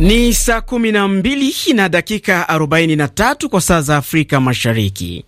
Ni saa kumi na mbili na dakika arobaini na tatu kwa saa za Afrika Mashariki.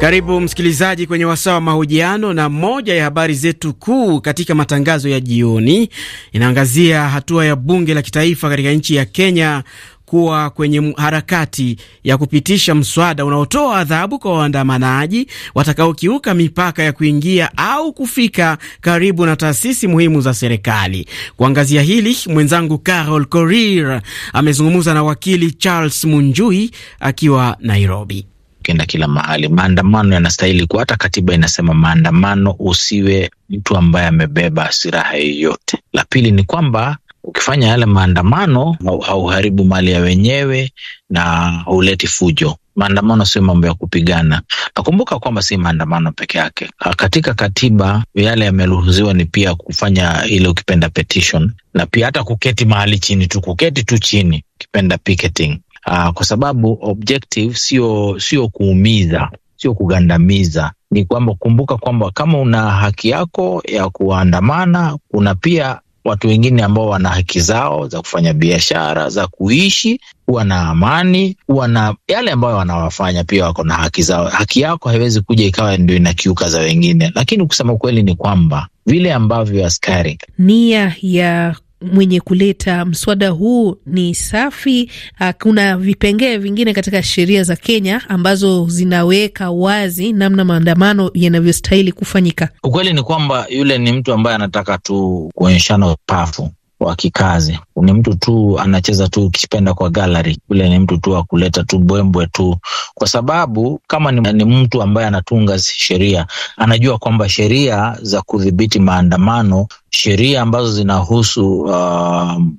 Karibu msikilizaji kwenye wasaa wa mahojiano, na moja ya habari zetu kuu katika matangazo ya jioni inaangazia hatua ya bunge la kitaifa katika nchi ya Kenya kuwa kwenye harakati ya kupitisha mswada unaotoa adhabu kwa waandamanaji watakaokiuka mipaka ya kuingia au kufika karibu na taasisi muhimu za serikali. Kuangazia hili, mwenzangu Carol Korir amezungumza na wakili Charles Munjui akiwa Nairobi. Kenda kila mahali maandamano yanastahili kuwa, hata katiba inasema maandamano, usiwe mtu ambaye amebeba silaha yoyote. La pili ni kwamba ukifanya yale maandamano hauharibu mali ya wenyewe na huleti fujo. Maandamano sio mambo ya kupigana. Nakumbuka kwamba si maandamano peke yake, ah, katika katiba yale yameruhusiwa ni pia kufanya ile ukipenda petition, na pia hata kuketi mahali chini tu, kuketi tu chini, ukipenda picketing. Aa, ah, kwa sababu objective sio sio kuumiza, sio kugandamiza ni kwamba kumbuka kwamba kama una haki yako ya kuandamana, kuna pia watu wengine ambao wana haki zao za kufanya biashara, za kuishi, kuwa na amani, kuwa na yale ambayo wanawafanya, pia wako na haki zao. Haki yako haiwezi kuja ikawa ndio inakiuka za wengine, lakini kusema kweli ni kwamba vile ambavyo askari nia ya mwenye kuleta mswada huu ni Safi. Ah, kuna vipengee vingine katika sheria za Kenya ambazo zinaweka wazi namna maandamano yanavyostahili kufanyika. Ukweli ni kwamba yule ni mtu ambaye anataka tu kuonyeshana upafu wa kikazi. Ni mtu tu anacheza tu, ukipenda kwa gallery kule, ni mtu tu wa kuleta tu bwembwe tu, kwa sababu kama ni, ni mtu ambaye anatunga sheria, anajua kwamba sheria za kudhibiti maandamano, sheria ambazo zinahusu uh,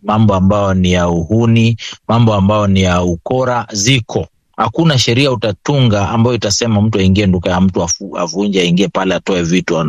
mambo ambayo ni ya uhuni, mambo ambayo ni ya ukora ziko Hakuna sheria utatunga ambayo itasema mtu aingie duka ya mtu avunje, aingie pale, atoe vitu,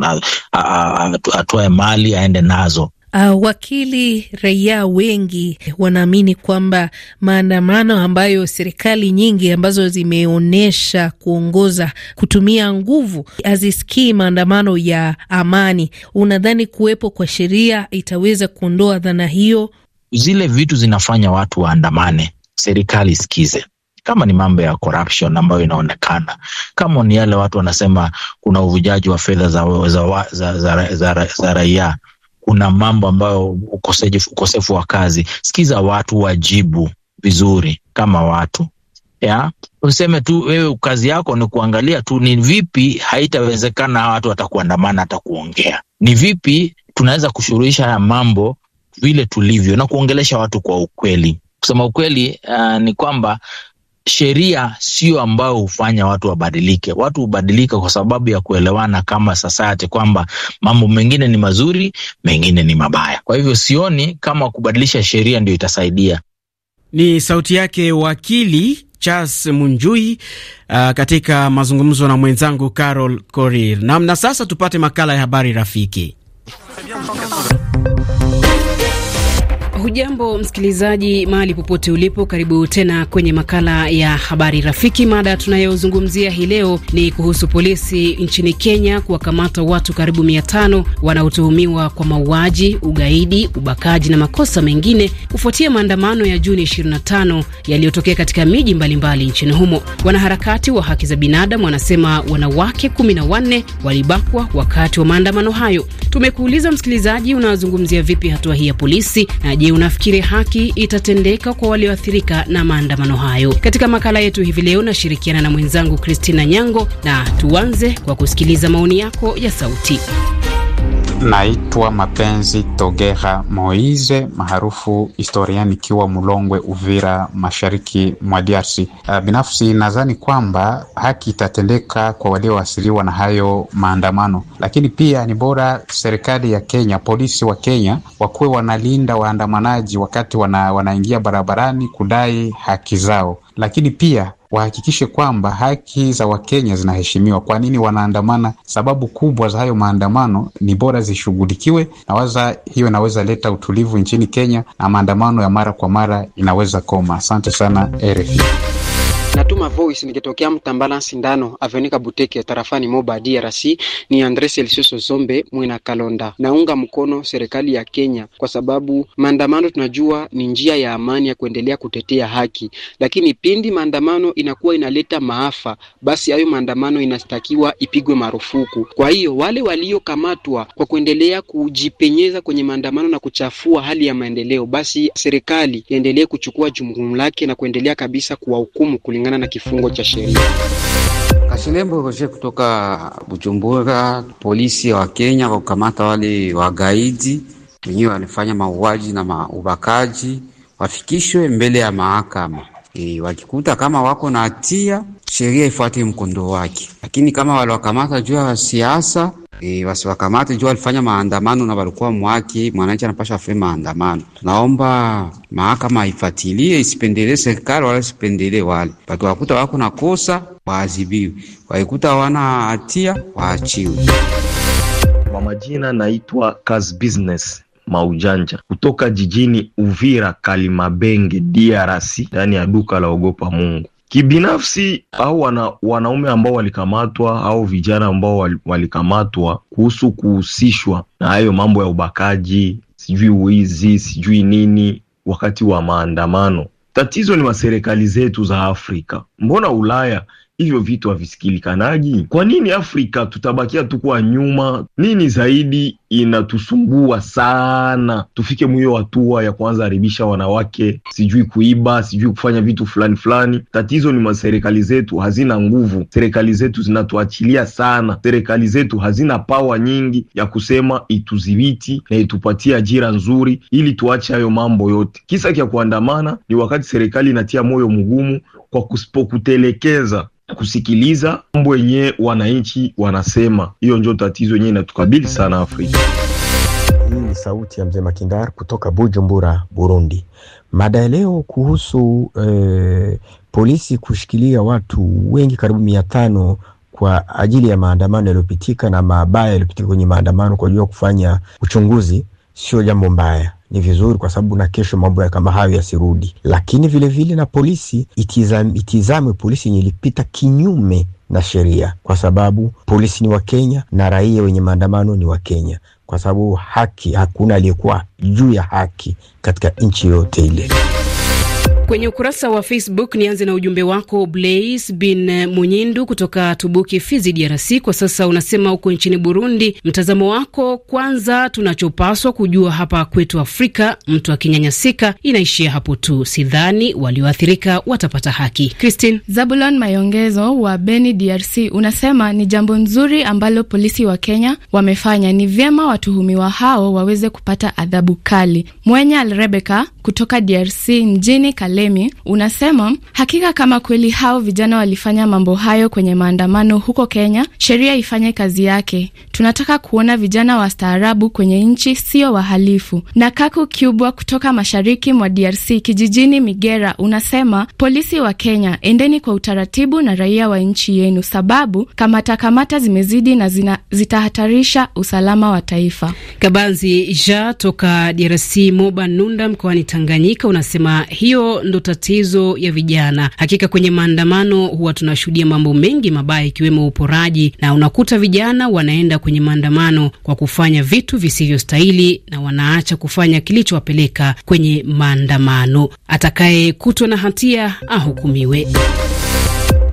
atoe mali, aende nazo. Uh, wakili, raia wengi wanaamini kwamba maandamano ambayo serikali nyingi ambazo zimeonyesha kuongoza kutumia nguvu hazisikii maandamano ya amani. Unadhani kuwepo kwa sheria itaweza kuondoa dhana hiyo? Zile vitu zinafanya watu waandamane, serikali isikize kama ni mambo ya corruption ambayo inaonekana, kama ni yale watu wanasema kuna uvujaji wa fedha za, za, za, za, za, za, za raia kuna mambo ambayo ukosefu, wa kazi. Sikiza watu wajibu vizuri kama watu ya useme tu wewe kazi yako ni kuangalia tu ni vipi haitawezekana watu watakuandamana hata kuongea, ni vipi tunaweza kushuruhisha haya mambo vile tulivyo na kuongelesha watu kwa ukweli. Kusema ukweli, uh, ni kwamba sheria sio ambayo hufanya watu wabadilike. Watu hubadilika kwa sababu ya kuelewana kama society, kwamba mambo mengine ni mazuri, mengine ni mabaya. Kwa hivyo sioni kama kubadilisha sheria ndio itasaidia. Ni sauti yake wakili Charles Munjui uh, katika mazungumzo na mwenzangu Carol Korir. Nam, na sasa tupate makala ya habari rafiki Hujambo msikilizaji, mahali popote ulipo, karibu tena kwenye makala ya habari rafiki. Mada tunayozungumzia hii leo ni kuhusu polisi nchini Kenya kuwakamata watu karibu mia tano wanaotuhumiwa kwa mauaji, ugaidi, ubakaji na makosa mengine kufuatia maandamano ya Juni 25 yaliyotokea katika miji mbalimbali nchini humo. Wanaharakati wa haki za binadamu wanasema wanawake wanne walibakwa wakati wa maandamano hayo. Tumekuuliza msikilizaji, unazungumzia vipi hatua hii ya polisi na je, unafikiri haki itatendeka kwa walioathirika na maandamano hayo? Katika makala yetu hivi leo nashirikiana na mwenzangu Christina Nyango, na tuanze kwa kusikiliza maoni yako ya sauti. Naitwa Mapenzi Togera Moise, maarufu historia, nikiwa mlongwe Uvira, mashariki mwa DRC. Ah, binafsi nadhani kwamba haki itatendeka kwa walioasiliwa na hayo maandamano, lakini pia ni bora serikali ya Kenya, polisi wa Kenya wakuwe wanalinda waandamanaji wakati wana, wanaingia barabarani kudai haki zao, lakini pia wahakikishe kwamba haki za Wakenya zinaheshimiwa. Kwa nini wanaandamana? Sababu kubwa za hayo maandamano ni bora zishughulikiwe, na waza hiyo inaweza leta utulivu nchini Kenya, na maandamano ya mara kwa mara inaweza koma. Asante sana RFI. Natuma voice nikitokea Mtambala Sindano Avenika Buteke tarafani Moba DRC. Ni Andres Elsioso Zombe Mwina Kalonda. Naunga mkono serikali ya Kenya kwa sababu maandamano tunajua ni njia ya amani ya kuendelea kutetea haki, lakini pindi maandamano inakuwa inaleta maafa, basi hayo maandamano inastakiwa ipigwe marufuku. Kwa hiyo wale waliokamatwa kwa kuendelea kujipenyeza kwenye maandamano na kuchafua hali ya maendeleo, basi serikali iendelee kuchukua jukumu lake na kuendelea kabisa kuwahukumu kulingana na kifungo cha sheria. Kashilembo Roger kutoka Bujumbura. Polisi wa Kenya kwa kukamata wale wagaidi wenyewe walifanya mauaji na maubakaji wafikishwe mbele ya mahakama. E, wakikuta kama wako na hatia sheria ifuate mkondo wake, lakini kama waliwakamata juu ya siasa E, wasiwakamate juu walifanya maandamano na walikuwa mwaki, mwananchi anapasha afanye maandamano. Tunaomba mahakama ifatilie, isipendelee serikali wala isipendelee wale wakiwakuta wako na kosa waadhibiwe, waikuta wana hatia waachiwe. Kwa majina naitwa Kazi Business Maujanja kutoka jijini Uvira Kalimabenge, DRC, ndani ya duka la ogopa Mungu. Kibinafsi au wana, wanaume ambao walikamatwa au vijana ambao walikamatwa kuhusu kuhusishwa na hayo mambo ya ubakaji, sijui uizi, sijui nini wakati wa maandamano. Tatizo ni maserikali zetu za Afrika. Mbona Ulaya hivyo vitu havisikilikanaji? Kwa nini Afrika tutabakia tu kuwa nyuma? Nini zaidi inatusumbua sana tufike mwiyo hatua ya kuanza haribisha wanawake, sijui kuiba, sijui kufanya vitu fulani fulani. Tatizo ni maserikali zetu hazina nguvu, serikali zetu zinatuachilia sana, serikali zetu hazina pawa nyingi ya kusema ituzibiti na itupatie ajira nzuri ili tuache hayo mambo yote. Kisa kya kuandamana ni wakati serikali inatia moyo mgumu kwa kusipokutelekeza kusikiliza mambo yenyewe wananchi wanasema. Hiyo ndio tatizo yenyewe inatukabili sana Afrika. Hii ni sauti ya mzee Makindar kutoka Bujumbura, Burundi. Mada ya leo kuhusu eh, polisi kushikilia watu wengi karibu mia tano kwa ajili ya maandamano yaliyopitika na mabaya yaliyopitika kwenye maandamano kwa ajili ya kufanya uchunguzi, sio jambo mbaya ni vizuri, kwa sababu na kesho mambo ya kama hayo yasirudi, lakini vilevile vile na polisi itizame, itizame polisi yenye ilipita kinyume na sheria, kwa sababu polisi ni Wakenya na raia wenye maandamano ni Wakenya, kwa sababu haki, hakuna aliyekuwa juu ya haki katika nchi yoyote ile. Kwenye ukurasa wa Facebook, nianze na ujumbe wako Blaise bin Munyindu kutoka Tubuki, Fizi, DRC. Kwa sasa unasema uko nchini Burundi. Mtazamo wako, kwanza tunachopaswa kujua hapa kwetu Afrika, mtu akinyanyasika inaishia hapo tu, sidhani walioathirika watapata haki. Christine Zabulon Mayongezo wa Beni, DRC, unasema ni jambo nzuri ambalo polisi wa Kenya wamefanya. Ni vyema watuhumiwa hao waweze kupata adhabu kali. Mwenya Rebecca kutoka DRC mjini Kale Lemi unasema hakika, kama kweli hao vijana walifanya mambo hayo kwenye maandamano huko Kenya, sheria ifanye kazi yake. Tunataka kuona vijana wastaarabu kwenye nchi, sio wahalifu. Na Kaku Kubwa kutoka mashariki mwa DRC kijijini Migera unasema polisi wa Kenya, endeni kwa utaratibu na raia wa nchi yenu, sababu kamata kamata zimezidi na zina, zitahatarisha usalama wa taifa. Kabanzi ja toka DRC Moba Nunda mkoani Tanganyika unasema hiyo ndo tatizo ya vijana. Hakika kwenye maandamano huwa tunashuhudia mambo mengi mabaya, ikiwemo uporaji, na unakuta vijana wanaenda kwenye maandamano kwa kufanya vitu visivyostahili na wanaacha kufanya kilichowapeleka kwenye maandamano. Atakayekutwa na hatia ahukumiwe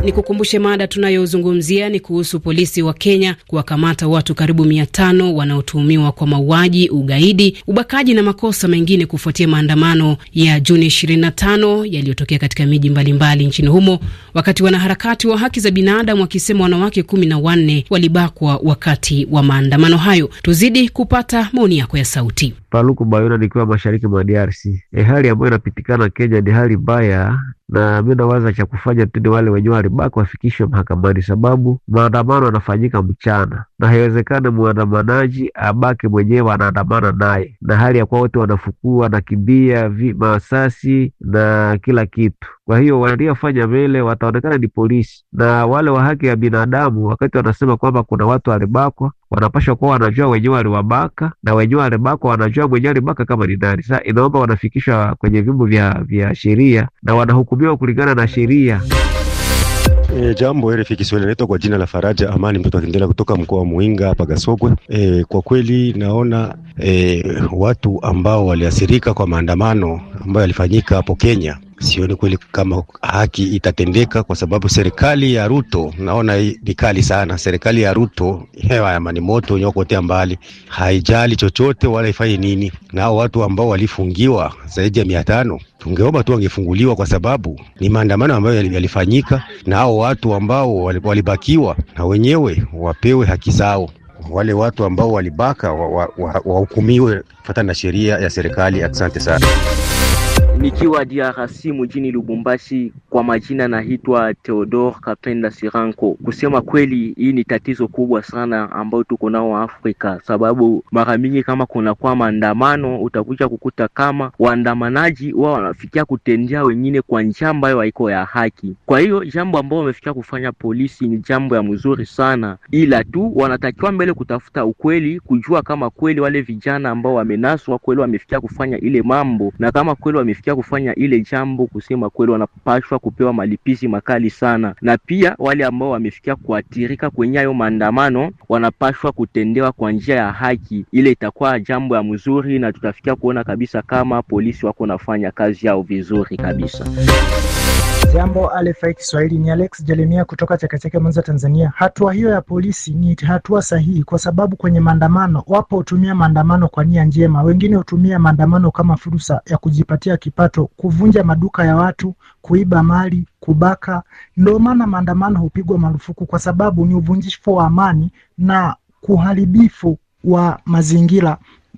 ni kukumbushe mada tunayozungumzia ni kuhusu polisi wa Kenya kuwakamata watu karibu mia tano wanaotuhumiwa kwa mauaji, ugaidi, ubakaji na makosa mengine kufuatia maandamano ya Juni 25 yaliyotokea katika miji mbalimbali nchini humo, wakati wanaharakati wa haki za binadamu wakisema wanawake kumi na wanne walibakwa wakati wa maandamano hayo. Tuzidi kupata maoni yako ya sauti. Paluku Bayona nikiwa mashariki mwa DRC. E, hali ambayo inapitikana Kenya ni hali mbaya na mi nawaza cha kufanya mtindi wale wenyewe walibaki wafikishwe mahakamani, sababu maandamano yanafanyika mchana na haiwezekani mwandamanaji abaki mwenyewe anaandamana naye, na hali ya kuwa wote wanafukua wanakimbia, masasi na kila kitu. Kwa hiyo waliofanya mele wataonekana ni polisi na wale wa haki ya binadamu, wakati wanasema kwamba kuna watu walibakwa, wanapashwa kuwa wanajua wenyewe waliwabaka na wenyewe walibakwa wanajua mwenyewe alibaka kama ni nani. Sasa inaomba wanafikishwa kwenye vyombo vya, vya sheria na wanahukumiwa kulingana na sheria. E, jambo RFI Kiswahili, naitwa kwa jina la Faraja Amani mtoto akiendelea kutoka mkoa wa Muinga hapa Gasogwe. E, kwa kweli naona e, watu ambao waliathirika kwa maandamano ambayo yalifanyika hapo Kenya sioni kweli kama haki itatendeka, kwa sababu serikali ya Ruto naona ni kali sana. Serikali ya Ruto hewa ya mani moto wenyewe mbali, haijali chochote wala ifanye nini. Nao watu ambao walifungiwa zaidi ya mia tano tungeomba tu wangefunguliwa, kwa sababu ni maandamano ambayo yalifanyika, na hao watu ambao walibakiwa na wenyewe wapewe haki zao wale watu ambao walibaka wahukumiwe wa, wa, wa kufuatana na sheria ya serikali. Asante sana nikiwa DRC mjini Lubumbashi kwa majina naitwa Theodor Kapenda Siranko. Kusema kweli, hii ni tatizo kubwa sana ambayo tuko nao Afrika, sababu mara mingi kama kunakuwa maandamano, utakuja kukuta kama waandamanaji wao wanafikia kutendea wengine kwa njia ambayo haiko ya haki. Kwa hiyo jambo ambao wamefikia kufanya polisi ni jambo ya mzuri sana, ila tu wanatakiwa mbele kutafuta ukweli, kujua kama kweli wale vijana ambao wamenaswa kweli wamefikia kufanya ile mambo, na kama kweli wamefikia kufanya ile jambo, kusema kweli wanapashwa kupewa malipizi makali sana, na pia wale ambao wamefikia kuathirika kwenye hayo maandamano wanapashwa kutendewa kwa njia ya haki. Ile itakuwa jambo ya mzuri, na tutafikia kuona kabisa kama polisi wako nafanya kazi yao vizuri kabisa. Jambo RFI Kiswahili ni Alex Jeremia kutoka Chakechake, Mwanza, Tanzania. Hatua hiyo ya polisi ni hatua sahihi, kwa sababu kwenye maandamano wapo hutumia maandamano kwa nia njema, wengine hutumia maandamano kama fursa ya kujipatia kipato, kuvunja maduka ya watu, kuiba mali, kubaka. Ndio maana maandamano hupigwa marufuku, kwa sababu ni uvunjifu wa amani na uharibifu wa mazingira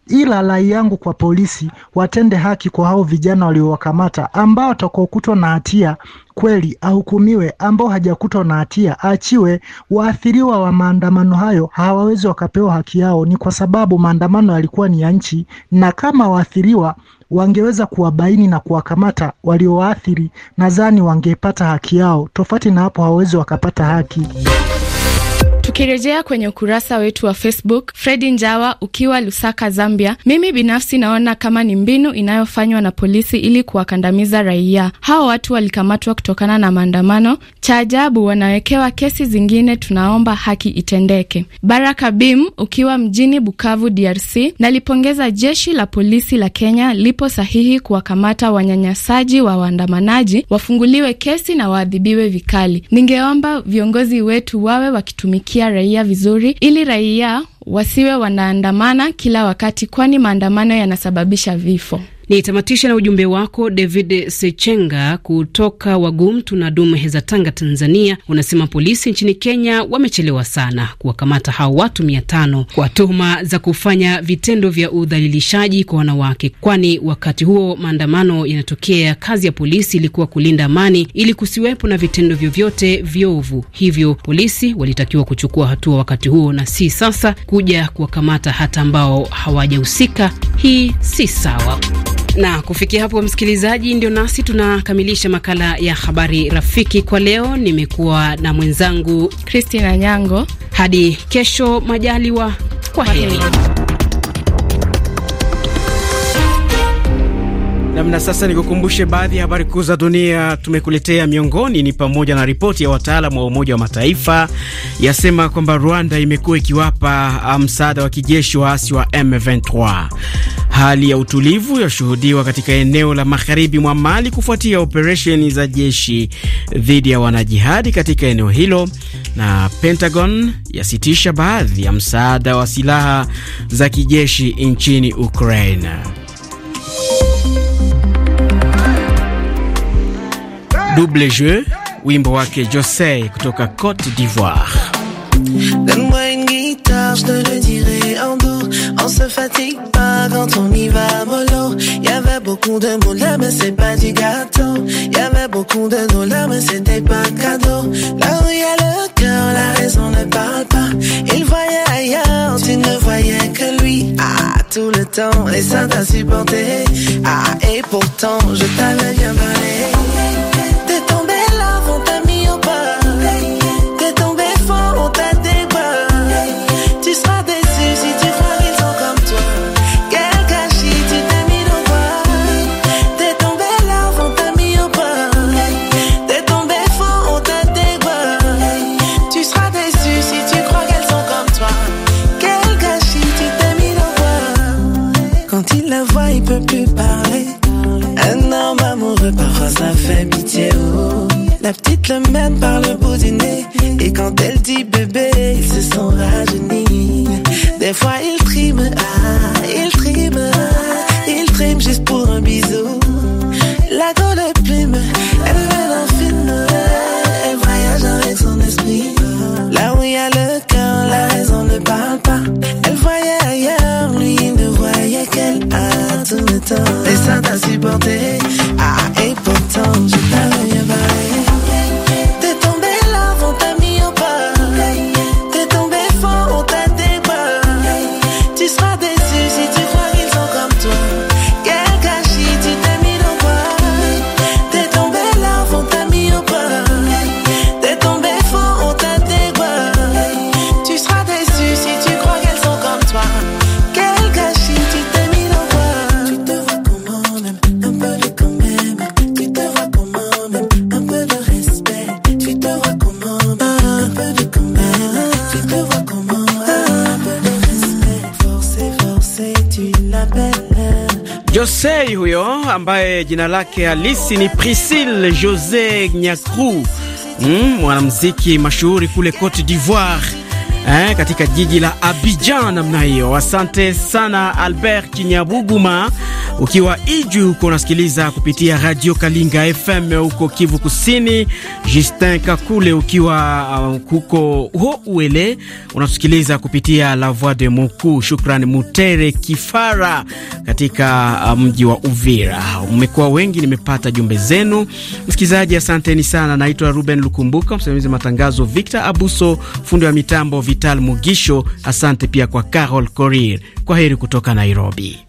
ila rai yangu kwa polisi watende haki kwa hao vijana waliowakamata, ambao watakaokutwa na hatia kweli ahukumiwe, ambao hajakutwa na hatia aachiwe. Waathiriwa wa maandamano hayo hawawezi wakapewa haki yao, ni kwa sababu maandamano yalikuwa ni ya nchi, na kama waathiriwa wangeweza kuwabaini na kuwakamata waliowaathiri, nadhani wangepata haki yao. Tofauti na hapo, hawawezi wakapata haki. Ukirejea kwenye ukurasa wetu wa Facebook, Fredi Njawa ukiwa Lusaka, Zambia, mimi binafsi naona kama ni mbinu inayofanywa na polisi ili kuwakandamiza raia. Hao watu walikamatwa kutokana na maandamano. Cha ajabu wanawekewa kesi zingine, tunaomba haki itendeke. Baraka Bim ukiwa mjini Bukavu, DRC, nalipongeza jeshi la polisi la Kenya, lipo sahihi kuwakamata wanyanyasaji wa waandamanaji, wafunguliwe kesi na waadhibiwe vikali. Ningeomba viongozi wetu wawe wakitumikia raia vizuri, ili raia wasiwe wanaandamana kila wakati, kwani maandamano yanasababisha vifo. Nitamatisha na ujumbe wako David Sechenga kutoka Wagum Tunadumu Heza, Tanga, Tanzania. Unasema polisi nchini Kenya wamechelewa sana kuwakamata hao watu mia tano kwa tuhuma za kufanya vitendo vya udhalilishaji kwa wanawake, kwani wakati huo maandamano yanatokea, kazi ya polisi ilikuwa kulinda amani ili kusiwepo na vitendo vyovyote vyovu. Hivyo polisi walitakiwa kuchukua hatua wakati huo na si sasa kuja kuwakamata hata ambao hawajahusika. Hii si sawa. Na kufikia hapo, msikilizaji, ndio nasi tunakamilisha makala ya habari rafiki kwa leo. Nimekuwa na mwenzangu Christina Nyango, hadi kesho majaliwa, kwa heri. Namna sasa, nikukumbushe baadhi ya habari kuu za dunia tumekuletea. Miongoni ni pamoja na ripoti ya wataalamu wa Umoja wa Mataifa yasema kwamba Rwanda imekuwa ikiwapa ah, msaada wa kijeshi waasi wa M23. Hali ya utulivu yashuhudiwa katika eneo la magharibi mwa Mali kufuatia operesheni za jeshi dhidi ya wanajihadi katika eneo hilo, na Pentagon yasitisha baadhi ya msaada wa silaha za kijeshi nchini Ukraine. Double Jeu, wimbo wake Josey kutoka Cote d'Ivoire. Donne-moi une guitare, je te le dirai en dos. On se fatigue pas quand on y va mollo. Y'avait beaucoup de mots mais c'est pas du gâteau. Y'avait beaucoup de douleurs, mais c'était pas cadeau. Là où y a le cœur, la raison ne parle pas. Il voyait ailleurs, tu ne voyait que lui. Ah, tout le temps, et ça t'a supporté. Ah, et pourtant, je t'avais bien parlé. mène par le bout du nez. Et quand elle dit bébé, ambaye jina lake halisi ni Priscille Jose Nyakru, mm, mashuhuri kule Cote d'Ivoire eh, katika jiji la Abidjan namna hiyo. Asante sana Albert Kinyabuguma, ukiwa Iju huko unasikiliza kupitia Radio Kalinga FM huko Kivu Kusini. Justin Kakule ukiwa uh, huko ho uele unasikiliza kupitia La Voix de Moku. Shukrani Mutere Kifara katika uh, mji um, wa Uvira. Mmekuwa wengi, nimepata jumbe zenu msikilizaji, asanteni sana. Naitwa Ruben Lukumbuka, msimamizi matangazo Victor Abuso, fundi wa mitambo Vital Mugisho. Asante pia kwa Carol Korir. Kwa heri kutoka Nairobi.